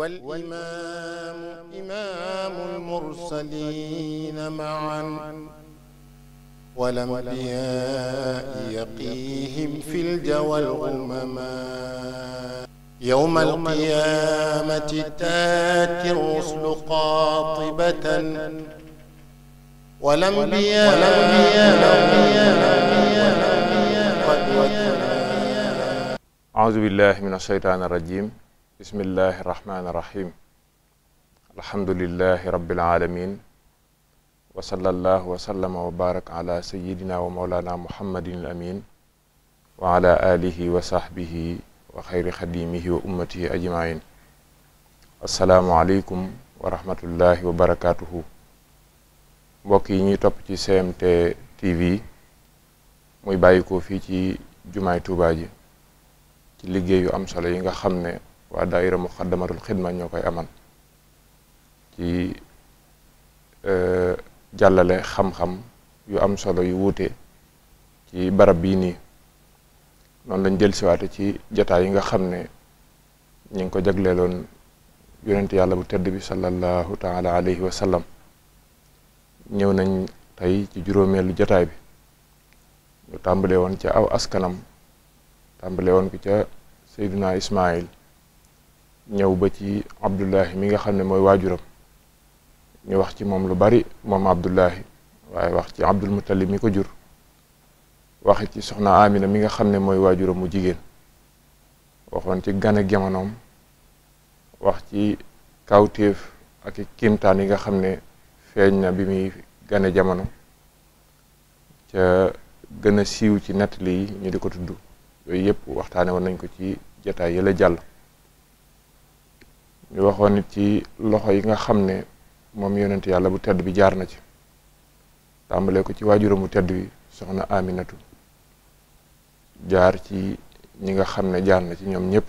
والإمام إمام المرسلين معا والأنبياء يقيهم في الجوى الغمما يوم القيامة تاتي الرسل قاطبة والأنبياء قد أعوذ بالله من الشيطان الرجيم bismillahi irrahmani irrahim alhamdulilahi rabilalamin wa sallallahu wa sallama ala sayidina wa maulana muhammadin al wa ala alihi wa sahbihi wa wa ummatihi ajmain assalaamu aleykum wa rahmatullahi wa barakatuhu mbokk yi ñuy topp ci GMT TV muy bàyyi fii ci jumaay Tuubaa ci liggéey yu am solo yi nga xam ne waa daayira muxaddamatul xidma ñoo koy amal ci e, jàllale xam-xam yu am solo yu wuute ci barab bii nii noonu lañ jël siwaate ci jataay yi nga xam ne ñu ngi ko jagleeloon yonent yàlla bu tedd bi sallallahu taala alayhi wa sallam ñëw nañ tey ci juróomeelu jataay bi ñu tàmbale woon ca aw askanam tàmbale woon ko ca seyduna ismail ñëw ba ci Abdullahi mi nga xam ne mooy waajuram ñu wax ci moom lu bari moom Abdullahi waaye wax ci Abdul Muttalib mi ko jur wax ci soxna Amina mi nga xam ne mooy waajuram mu jigéen waxoon ci gan ak jamonoom wax ci kawtéef ak i kiimtaan yi nga xam ne feeñ na bi muy gane jamono ca gën a siiw ci nettali yi ñu di ko tudd yooyu yëpp waxtaane wan nañ ko ci jataay yële jàll ñu waxoon it ci loxo yi nga xam ne moom yonent yàlla bu tedd bi jaar na ci tàmbalee ko ci waajuram bu tedd bi soxna Aminatu jaar ci ñi nga xam ne jaar na ci ñoom ñëpp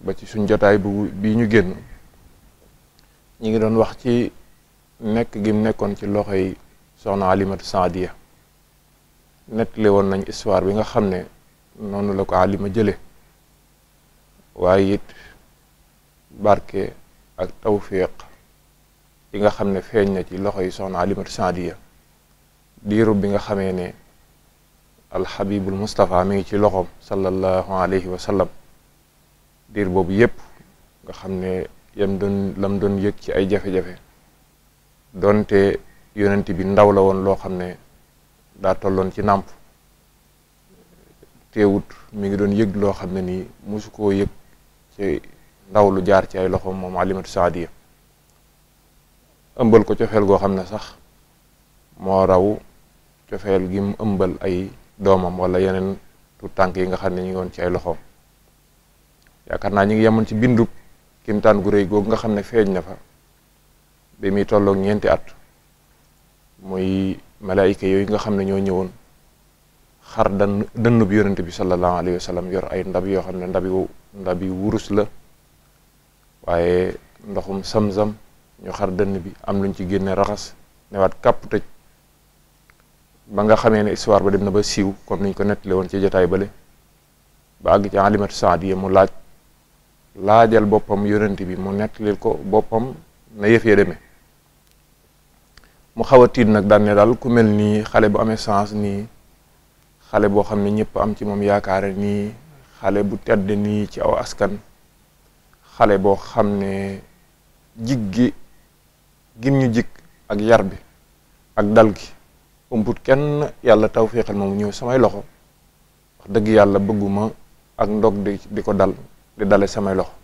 ba ci suñ jotaay bu bii ñu génn ñi ngi doon wax ci nekk gi mu nekkoon ci loxo yi soxna Alimatu Saadiya nettali woon nañ histoire bi nga xam ne noonu la ko alima jële waaye it barke ak tawfiq yi nga xam ne feeñ na ci loxo yi soxna Alimatu Saadiya diiru bi nga xamee ne alxabibul Moustapha mi ngi ci loxoom sallallahu alayhi wa sallam diir boobu yépp nga xam ne yam doon lam doon yëg ci ay jafe-jafe doonte yonent bi ndaw la woon loo xam ne daa tolloon ci nàmp teewut mi ngi doon yëg loo xam ne nii mosu koo yëg ndaw lu jaar ci ay loxoom moom alimatu saadiya ëmbal ko cofeel goo xam ne sax moo raw cofeel gi mu ay doomam wala yeneen tuut tànk yi nga xam ne ñu ngi woon ci ay loxoom yaakaar naa ñu ngi ci bindub kimtaan gu réy googu nga xam ne feeñ na fa bi muy tolloog ñeenti at muy malaayika yooyu nga xam ne ñoo ñëwoon xar dan dënn bi yonent bi sallallahu alayhi wa yor ay ndab yoo xam ne ndabi ndabi wurus la waaye ndoxum sam ñu xar dënn bi am luñ ci génne raxas newaat kàpp tëj ba nga xamee ne histoire ba dem na ba siiw kon niñ ko nettali woon ci jotaay bale ba àgg ci alimatu saadiya mu laaj laajal boppam yonent bi mu nettali ko boppam na yëf ya mu xaw a tiit nag daan ne daal ku mel nii xale bu amee sens nii xale boo xam ne ñëpp am ci moom yaakaare nii xale bu tedd nii ci aw askan xale boo xam ne jig gi gim ñu jig ak yar bi ak dal gi umput kenn yàlla tawféexal moom ñëw samay loxo wax dëgg yàlla bëgguma ak ndog di di ko dal di dale samay loxo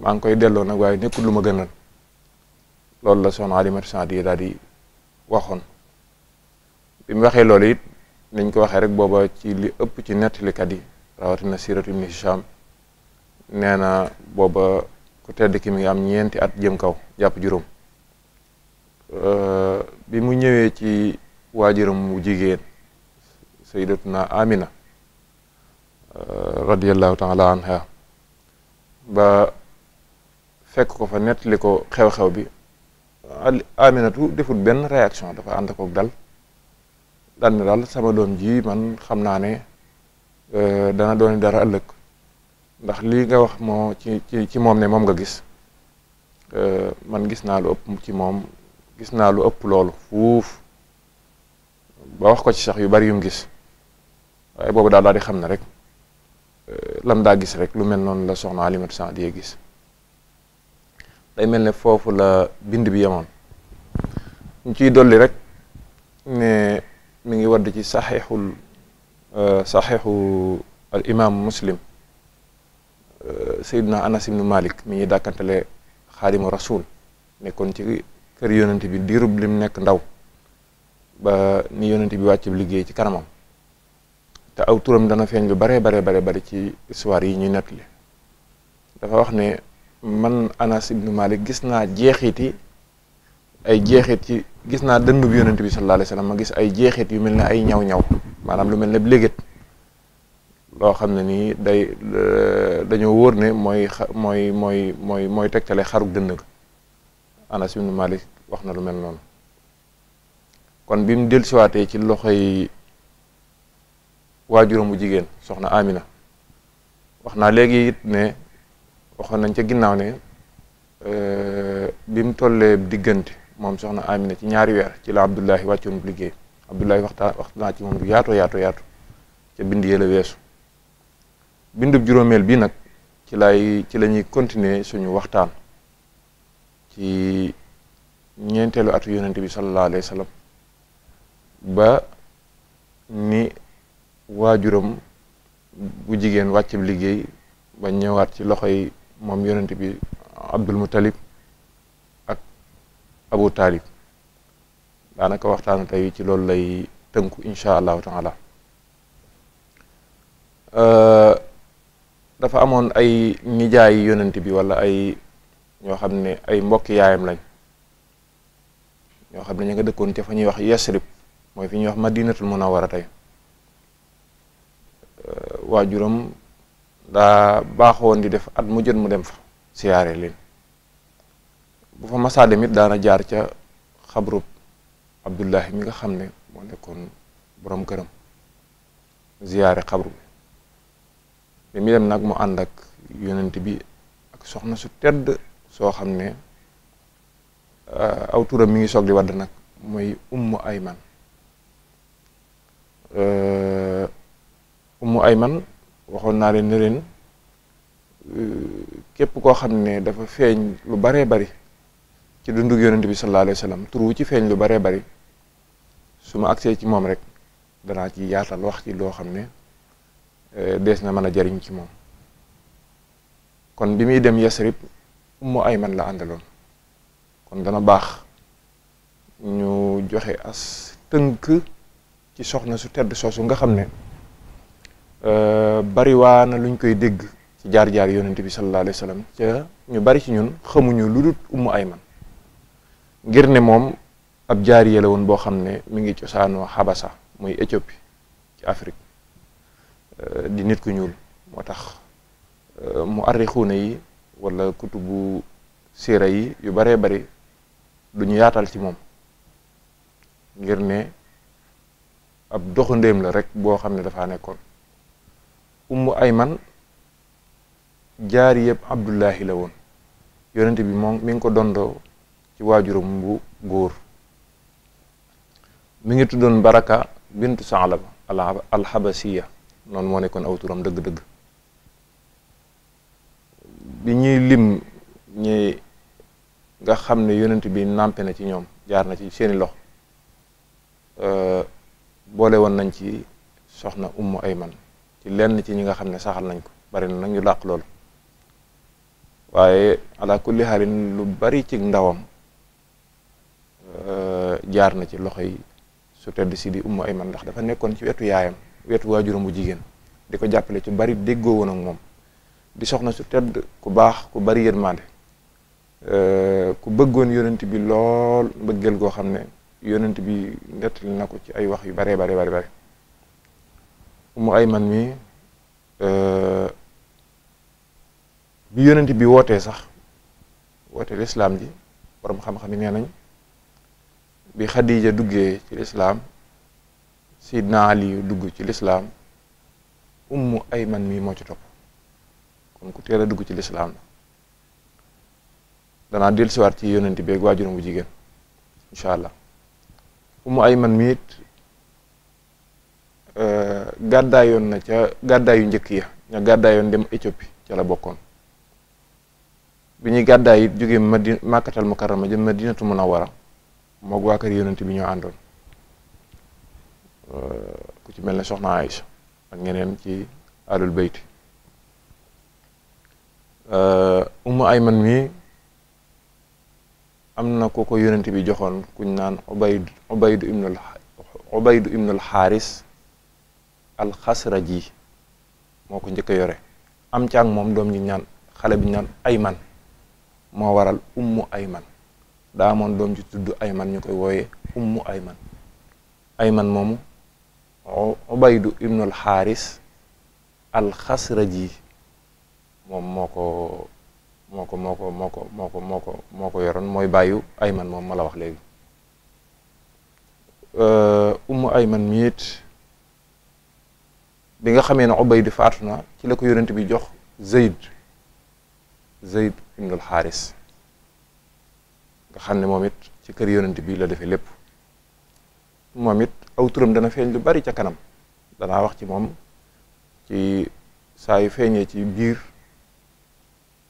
maa ngi koy delloo nag waaye nekkul lu ma gënal loolu la soxna Alimatu Saad yi daal di waxoon bi mu waxee loolu it nañ ko waxee rek booba ci li ëpp ci nettalikat yi rawatina siiratu Ibn Hisham nee na booba ku tedd ki mi ngi am ñeenti at jëm kaw jàpp juróom euh, bi mu ñëwee ci waajuram wu jigéen na Amina euh, radiyallahu taala anha ba fekk ko fa nettali xew-xew bi Aminatu defut benn réaction dafa ànd koog dal daan daal sama doom ji man xam naa ne euh, dana doon dara ëllëg ndax lii nga wax moo ci ci ci moom ne moom nga gis euh, man gis naa lu ëpp ci moom gis naa lu ëpp loolu fuuf ba wax ko ci sax yu bari yum gis waaye boobu daal daal di xam ne rek euh, lam daa gis rek lu mel noonu la soxna Alimatu Saadiya gis day mel ne foofu la bind bi yemoon ñu ciy dolli rek ne mi ngi wadd ci saxiixul euh, saxeexu al muslim Seydina Anas ibnu Malik mi ñuy dàkkantale xaadimu rasul nekkoon ci kër yonent bi diirub lim nekk ndaw ba ni yonent bi wàcc liggéey ci kanamam te aw turam dana feeñ lu bare bare bare bari ci histoire yi ñuy li dafa wax ne man Anas ibnu Malik gis naa jeexiti ay jeexit ci gis naa dëndu bi yonent bi sallallahu alayhi wasallam ma gis ay jeexit yu mel ne ay ñaw ñaw maanaam lu mel ne léegit loo xam ne nii day euh, dañoo wóor ne mooy mooy mooy mooy mooy tegtale xarug dënn ga Anas Malik wax na lu mel noonu kon bi mu dellusiwaatee ci loxo yi waajuram bu jigéen soxna Amina wax naa léegi it ne waxoon nañ ca ginnaaw ne euh, bi mu tollee diggante moom soxna Amina ci ñaari weer ci la Abdullahi wàccoon bu liggéey Abdullahi waxtaan wax naa ci moom lu yaatoo yaatoo yaatu ca bind yële weesu bindu juróomeel bi nag ci lay ci lañuy ñuy continuer suñu waxtaan ci ñeenteelu atu yonente bi sallallahu alayhi wa ba ni waajuram bu jigéen wàccab liggéey ba ñëwaat ci loxoy moom yonente bi Abdul Muttalib ak Abu Taalib daanaka waxtaan tey ci loolu lay tënku incha allahu taala euh, dafa amoon ay nijaay yonent bi wala ay ñoo xam ne ay mbokki yaayam lañ ñoo xam ne ñu nga dëkkoon ca fa ñuy wax Yasrib mooy fi ñuy wax ma Madinatul Munawwara tey euh, waajuram daa baaxoon di def at mu jot mu dem fa siyaare leen bu fa masaa dem it daana jaar ca xabru Abdullahi mi nga xam ne moo nekkoon boroom këram ziyaare xabru bi mu dem nag mu ànd ak yonent bi ak soxna su tedd soo xam ne euh, aw turam mi ngi soog di wadd nag mooy ummu ayman euh, ummu ayman waxoon naa leen ne leen euh, képp koo xam ne dafa feeñ lu baree bari ci dundug yonent bi sallallahu alayhi wa ci feeñ lu baree bari su ma agsee ci moom rek danaa ci yaatal wax ci loo xam ne Euh, des na mën a jariñ ci moom kon bi muy dem Yasrib Ummu Ayman la àndaloon kon dana baax ñu joxe as tënk ci soxna su tedd soosu nga xam ne euh, bariwaana luñ koy dégg ci jaar-jaar yonent bi sallallahu alayhi ca ñu bari ci ñun xamuñu lu dul Ummu Ayman ngir ne moom ab jaariya la woon boo xam ne mi ngi cosaanoo Habasa muy Éthiopie ci Afrique Euh, di nit ku ñuul moo tax euh, mu arrixuuna yi wala kutubu siira yi yu baree bari du ñu yaatal ci moom ngir ne ab doxandéem la rek boo xam ne dafa nekkoon ummu ayman jaari yëpp abdullahi la woon yonente bi moom mi ngi ko dondoo ci waajuram bu góor mu ngi tuddoon baraka bintu saalaba alxabasiya noonu moo nekkoon aw turam dëgg-dëgg bi ñuy lim ñi nga xam ne yonent bi nàmpe na ci ñoom jaar na ci seeni lox euh, boole woon nañ ci soxna Ummu man ci lenn ci ñi nga xam ne saxal nañ ko bari nañ nag ñu dàq loolu waaye ala kulli xaalin lu bari ci ndawam euh, jaar na ci loxo yi su tedd si di ay man ndax dafa nekkoon ci wetu yaayam wetu waajuram bu jigéen di ko jàppale ci bari déggoo woon ak moom di soxna su tedd ku baax ku bari yërmande euh, ku bëggoon yonent bi lool mbëggeel goo xam ne yonent bi nettali na ko ci ay wax yu baree bare bare bare mu ay man mi euh, bi yonent bi wootee sax woote lislaam ji borom xam-xam yi nee nañ bi xadija duggee ci lislaam Sidna Ali dugg ci lislaam ummu man mii moo ci topp kon ku teel dugg ci lislaam la danaa dellusiwaat ci yonent bi ak waajuram bu jigéen incha allah ummu Ayman mii it euh, gàddaayoon na ca gàddaayu njëkk ya ña gàddaayoon dem Éthiopie ca la bokkoon bi ñuy gàddaay it jógee Madina Makkatal Mukarrama jëm Madinatu Munawwara moog waa kër yonent bi ñoo àndoon Euh, ku ci mel ne soxna Aïcha ak ñeneen ci alul bayti umu euh, ayman mi am na ku ko yonent bi joxoon kuñ naan ubayd ubaydu ibnul xaaris ibnul xaaris alxasraji moo ko njëkk yore am caan moom doom ñu ñaan xale bi ñaan ayman moo waral ummu ayman daa amoon doom ji tudd ayman ñu koy wooye ummu ayman ayman moomu ubaydu ibnul xaaris alxasraji moom moo ko moo ko moo ko moo ko moo ko moo ko yoroon mooy bàyyu ayman moom ma la wax léegi euh, ummu ayman miit bi nga xamee ne ubaydu faatu na ci la ko yonent bi jox zeyd zeyd ibnul xaaris nga xam ne moom it ci kër yonent bi la defee lépp moom it aw turam dana feeñ lu bari ca kanam danaa wax ci moom ci saa yu feeñee ci biir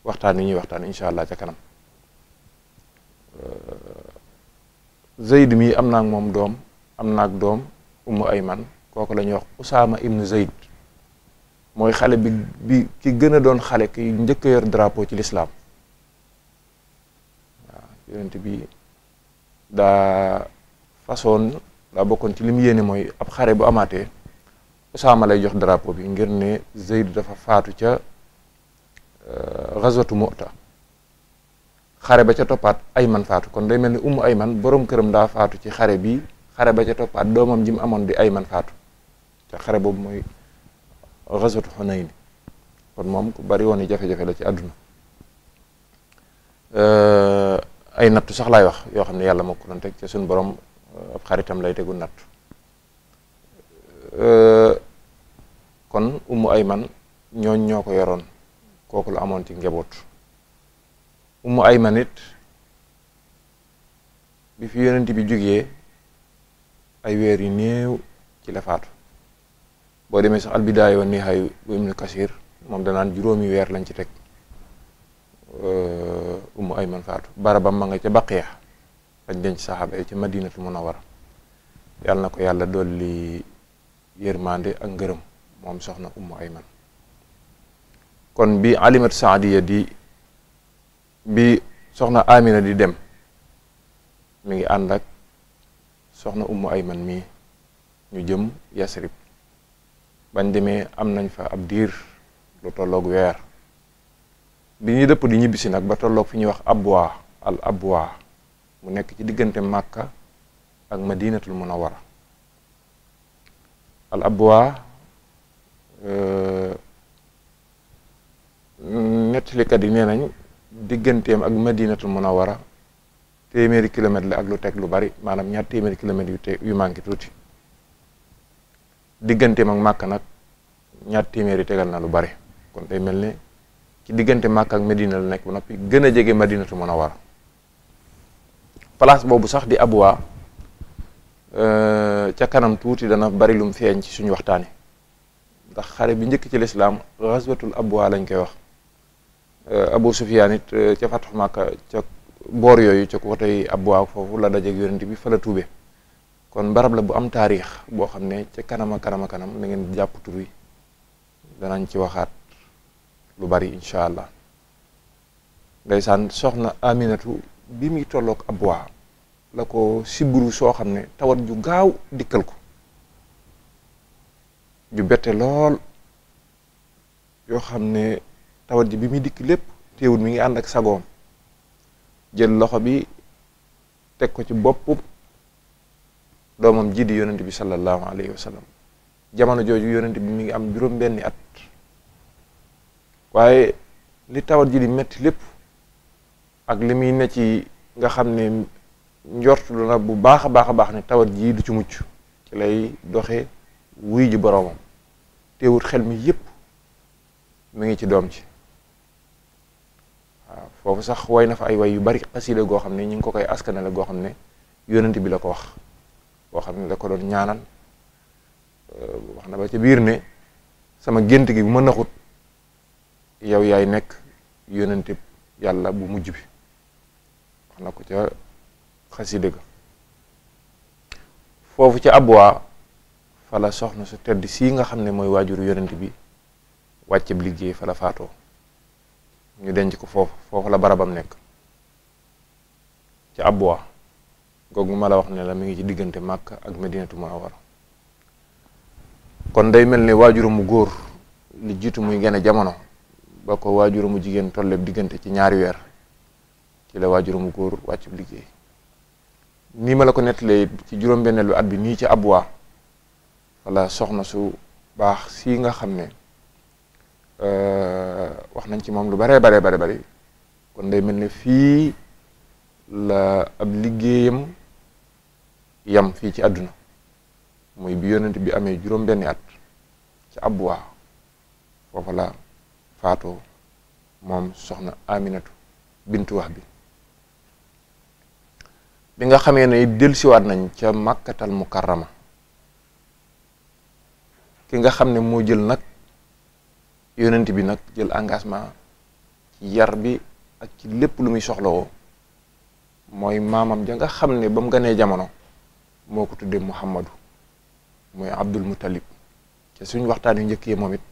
waxtaan wi ñuy waxtaan incha allah ca kanam euh, Zayd mii am naa ak moom doom am naa ak doom Ummu Ayman kooku la ñuy wax Usaama ibnu Zayd mooy xale bi bi ki gën a doon xale ki njëkk a yor drapeau ci lislaam waaw yonent daa façon daa bokkoon ci li mu yéene mooy ab xare bu amaatee Usaama lay jox drapeau bi ngir ne Zayd dafa faatu ca euh, ghazwatu Mu'ta xare ba ca toppaat Ayman faatu kon day mel ni Ummu Ayman borom këram daa faatu ci xare bi xare ba ca toppaat doomam ji mu amoon di Ayman faatu ca xare boobu mooy ghazwatu Hunayn kon moom ku bari woon i jafe-jafe la ci àdduna euh, ay nattu sax laay wax yoo xam ne yàlla moo ko ca suñu borom ab xaritam lay tegu natt euh, kon Ummu Ayman ñooñ ñoo ko yoroon kooku la amoon ci njaboot Ummu Ayman it bi fi yonent bi jugee ay weer yu néew ci la faatu boo demee sax albidaaya wa nihaaya bu Ibnu Kasir moom danaan juróomi weer lañ ci teg euh, Ummu Ayman faatu barabam ma nga ca Baqiya ak denc saxaaba yi ci madinatul munawara yàlla na ko yàlla dolli yërmande ak ngërëm moom soxna ay man kon bi alimat saadiya di bi soxna amina di dem mu ngi ànd ak soxna ay man mii ñu jëm yasrib bañ demee am nañ fa ab diir lu tolloog weer bi ñuy dëpp di ñibbisi nag ba tolloog fi ñuy wax abwa al abwa mu nekk ci diggante màkka ak madinatul munawara al abwa euh, nettalikat yi nee nañ digganteem ak madinatul munawara téeméeri kilomètre la ak lu teg lu bari maanaam ñaar téeméeri kilomètre yu te yu manqué tuuti digganteem ak màkk nag ñaar téeméeri tegal na lu bari kon day mel ni ci diggante màkk ak madina la nekk ba noppi gën a jege madinatul munawara place boobu sax di Abwa euh, ca kanam tuuti dana bari lum feeñ ci suñu waxtaane ndax xare bi njëkk ci lislaam xaswatul Abwa lañ koy wax euh, Abu Sufyaan it euh, ca Fathu Makka ca boor yooyu ca côté Abwa foofu la dajeeg yonent bi fa la tuube kon barab la bu am taarix boo xam ne ca kanam a kanam a ngeen jàpp tur danañ ci waxaat lu bari incha allah ndeysaan soxna Aminatu bi muy tollook ab waa la ko sibbiru soo xam ne tawat ju gaaw dikkal ko ju bette lool yoo xam ne tawat ji bi muy dikk lépp téewul mi ngi ànd ak sagoom jël loxo bi teg ko ci boppub doomam ji di yonent bi sallallahu alayhi wa sallam jamono jooju yonent bi mi ngi am juróom benni at waaye li tawat ji di metti lépp ak li muy ne ci nga xam ne njortlu na bu baax a baax a baax ne tawat jii du ci mucc ci lay doxe wuy ji boroomam teewut xel mi yépp mu ngi ci doom ci waaw foofu sax way na fa ay way yu bari xasida goo xam ne ñu ngi ko koy askanale goo xam ne yonent bi la ko wax boo xam ne la ko doon ñaanal wax na ba ca biir ne sama gént gi bu ma naxut yow yaay nekk yonent yàlla bu mujj bi wax na ko ca xasida ga foofu ci abwa fala soxna su tedd sii nga xam ne mooy waajuru yonent bi wàcceb liggéey fala faatoo ñu denc ko foofu foofu la barabam nekk ci abwa googu ma la wax ne la mu ngi ci diggante màkk ak Medinatu Munawwara kon day mel ne waajuru mu góor li jiitu muy gën jamono ba ko waajuru mu jigéen tolleeb diggante ci ñaari weer ci la waajur mu góor wàccub liggéey nii ma la ko nettalee ci juróom-benneelu at bi nii ci abwa wala soxna su baax sii nga xam ne euh, wax nañ ci moom lu baree baree bare bari kon day mel ni fii la ab liggéeyam yam fii ci àdduna mooy bi yonent bi amee juróom-benni at ci abwa foofa la faatoo moom soxna aminatu bintu bi bi nga xamee ne siwaat nañ ca màkkatal mukarrama ki nga xam ne moo jël nag yonent bi nag jël engagement ci yar bi ak ci lépp lu muy soxlawoo mooy maamam ja nga xam ne ba mu ganee jamono moo ko tuddee Muhammadu mooy Abdul Muttalib te suñ waxtaan yu njëkk yi moom it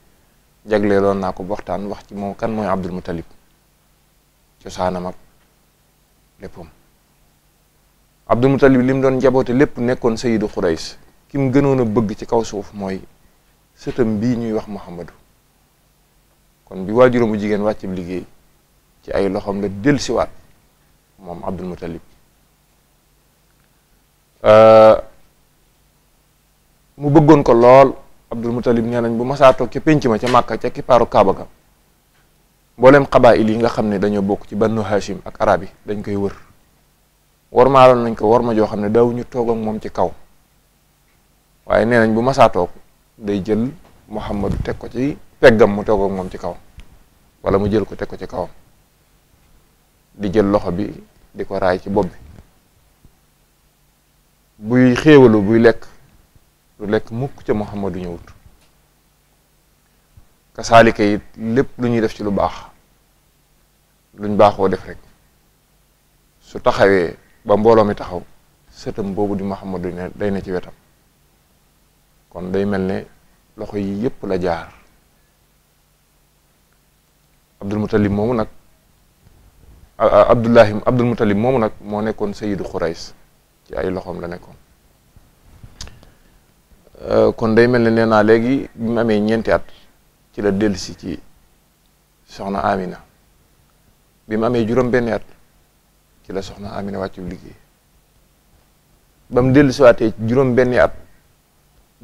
jagleeloon naa ko waxtaan wax ci moom kan mooy Abdul Muttalib cosaanam ak léppam Abdul Mutalib li mu doon njaboote lépp nekkoon sayidu Xurays ki mu gënoon a bëgg ci kaw suuf mooy sëtam bii ñuy wax Muhammadu kon bi waajuram bu jigéen wàccib liggéey ci ay loxoom la dellusiwaat moom Abdul Mutalib euh, mu bëggoon ko lool Abdul Mutalib nee nañ bu masaa toog ca pénc ma ca màkk ca kippaaru Kaaba ga mbooleem xabaayil yi nga xam ne dañoo bokk ci bannu Hashim ak arab yi dañ koy wër warmaaloon nañ ko war ma joo xam ne daawuñu toog ak moom ci kaw waaye nee nañ bu masaa toog day jël Muhammadu teg ko ci peggam mu toog moom ci kaw wala mu jël ko teg ko ci kawam di jël loxo bi di ko raay ci bopp bi buy xéewalu buy lekk lu lekk mukk ca Muhammadu ñëwut kasaalika it lépp lu ñuy def ci lu baax luñ baaxoo def rek su taxawee ba mbooloo mi taxaw sëtam boobu di Muhammadu ne day ne ci wetam kon day mel ne loxo yi yépp la jaar Abdul Muttalib moomu nag Abdullahi Abdul moomu nag moo nekkoon Sayyidu Xurays ci ay loxoom la nekkoon euh, kon day mel ne nee naa léegi bi mu amee ñeenti at ci la dellusi ci soxna Amina bi mu amee juróom benni at ci la soxna Amina wàccu liggéey ba mu dellu siwaatee juróom benni at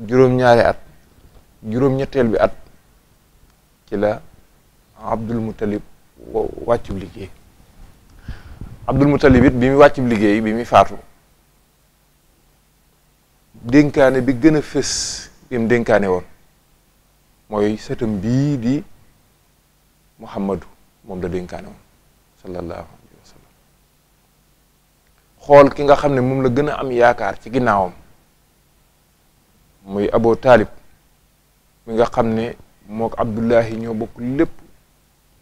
juróom ñaari at juróom ñetteel bi at ci la Abdul Muttalib wàccu liggéey Abdul Muttalib it bi mu wàccu liggéey bi mu faatu dénkaane bi gën a fës bi mu dénkaane woon mooy sëtam bii di Muhammadu moom la dénkaane woon sallallahu xool ki nga xam ne moom la gën a am yaakaar ci ginnaawam muy Abu Taalib mi nga xam ne mook Abdullahi ñoo bokk lépp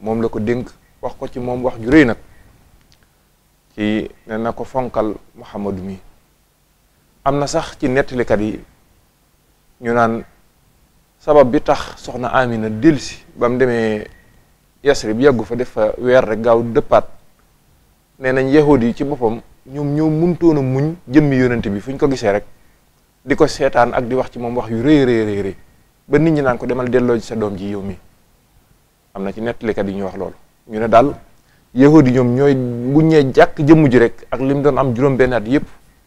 moom la ko dénk wax ko ci moom wax ju nag ci ne na ko fonkal Muhammadu mi am na sax ci nettalikat yi ñu naan sabab bi tax soxna Amina dellusi ba mu demee Yasrib yàggu fa def fa weer rek gaaw dëppaat nenañ nañ yi ci boppam ñoom ñoo muntoon a muñ jëmmi yonent bi fu ñu ko gisee rek di ko seetaan ak di wax ci moom wax yu rëy rëy rëy ba nit ñi naan ko demal delloo ci sa doom ji yow mi am na ci nettalikat yi ñuy wax loolu ñu ne daal yahud yi ñoom ñooy bu ñee jàkk jëmm ji rek ak lim doon am juróom-benn at yëpp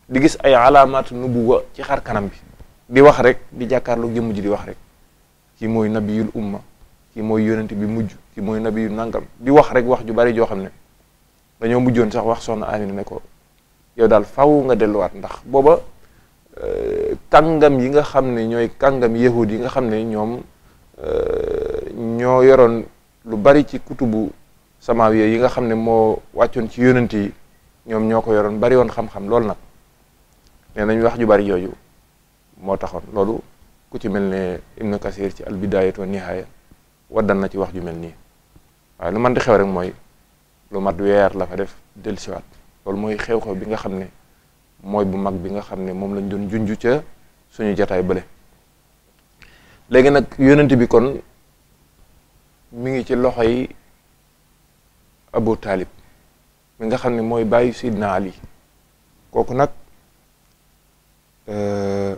di gis ay alaamaat nubuwa ci xar kanam bi di wax rek di jàkkaarloo jëmm ji di wax rek kii mooy nabiyul umma kii mooy yonent bi mujj kii mooy nabiyul nangam di wax rek wax ju bari joo xam ne dañoo mujjoon sax wax soxna Amina ne ko yow daal faw nga delluwaat ndax booba euh, kàngam yi nga xam ne ñooy kàngam yahud yi nga xam ne ñoom euh, ñoo yoroon lu bari ci kutubu samawiya yi nga xam ne moo wàccoon ci yonent yi ñoom ñoo ko yoroon bari woon xam-xam loolu nag nee nañ wax ju bari jooju moo taxoon loolu ku ci mel ne Ibnu Kasir ci al bidaayatu wa nihaaya waddan na ci wax ju mel nii waaye lu man di xew rek mooy lu mat weer la fa def dellusiwaat loolu mooy xew-xew bi nga xam ne mooy bu mag bi nga xam ne moom lañ doon junj ca suñu jataay bële léegi nag yonent bi kon mu ngi ci loxo yi Abu Taalib mi nga xam ne mooy bàyyi Sidna Ali kooku nag euh,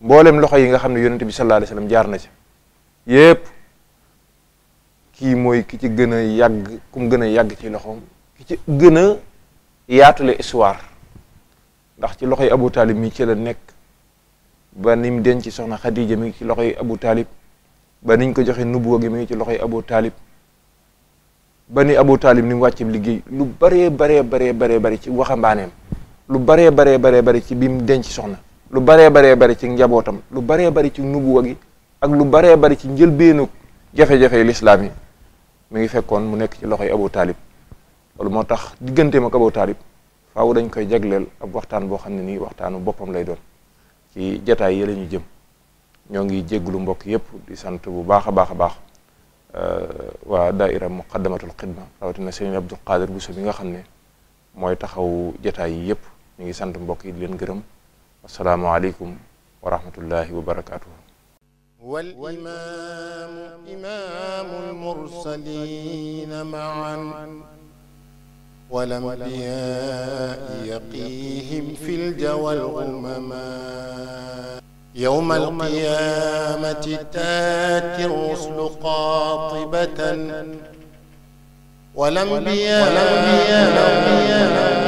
mboolem loxo yi nga xam ne yonent bi sallallahu alayhi wasallam jaar na ci yépp kii mooy ki ci gën a yàgg kum gën a yàgg ci loxoom ki ci gën a yaatule histoire ndax ci loxo yi Abu Taalib mi ci la nekk ba ni denc soxna Xadija mi ngi ci loxoy Abu Taalib ba niñ ko joxe nubuwa gi mi ngi ci loxoy Abu Taalib ba ni Abu Taalib ni mu liggéey lu baree baree baree baree bari ci waxambaaneem lu baree baree baree bari ci bi denc soxna lu baree baree bari ci njabootam lu baree bari ci nubuwa gi ak lu baree bari ci njëlbeenu jafe-jafe lislaam yi mu ngi fekkoon mu nekk ci loxo yi Abu Taalib loolu moo tax diggante ak Abu Taalib faaw dañ koy jagleel ab waxtaan boo xam ne nii waxtaanu boppam lay doon ci jataay yi ñu jëm ñoo ngi jeglu mbokk yëpp di sant bu baax a baax a baax euh, waa daaira muqaddamatul xidma rawatina Serigne Abdou Qadir Bousso bi nga xam ne mooy taxaw jataay yëpp yépp ñu ngi sant mbokk yi di leen gërëm asalaamaaleykum wa rahmatullahi wa barakaatuhu والإمام إمام المرسلين والأنبياء يقيهم في الجوى الغمما يوم القيامة تاتي الرسل قاطبة والأنبياء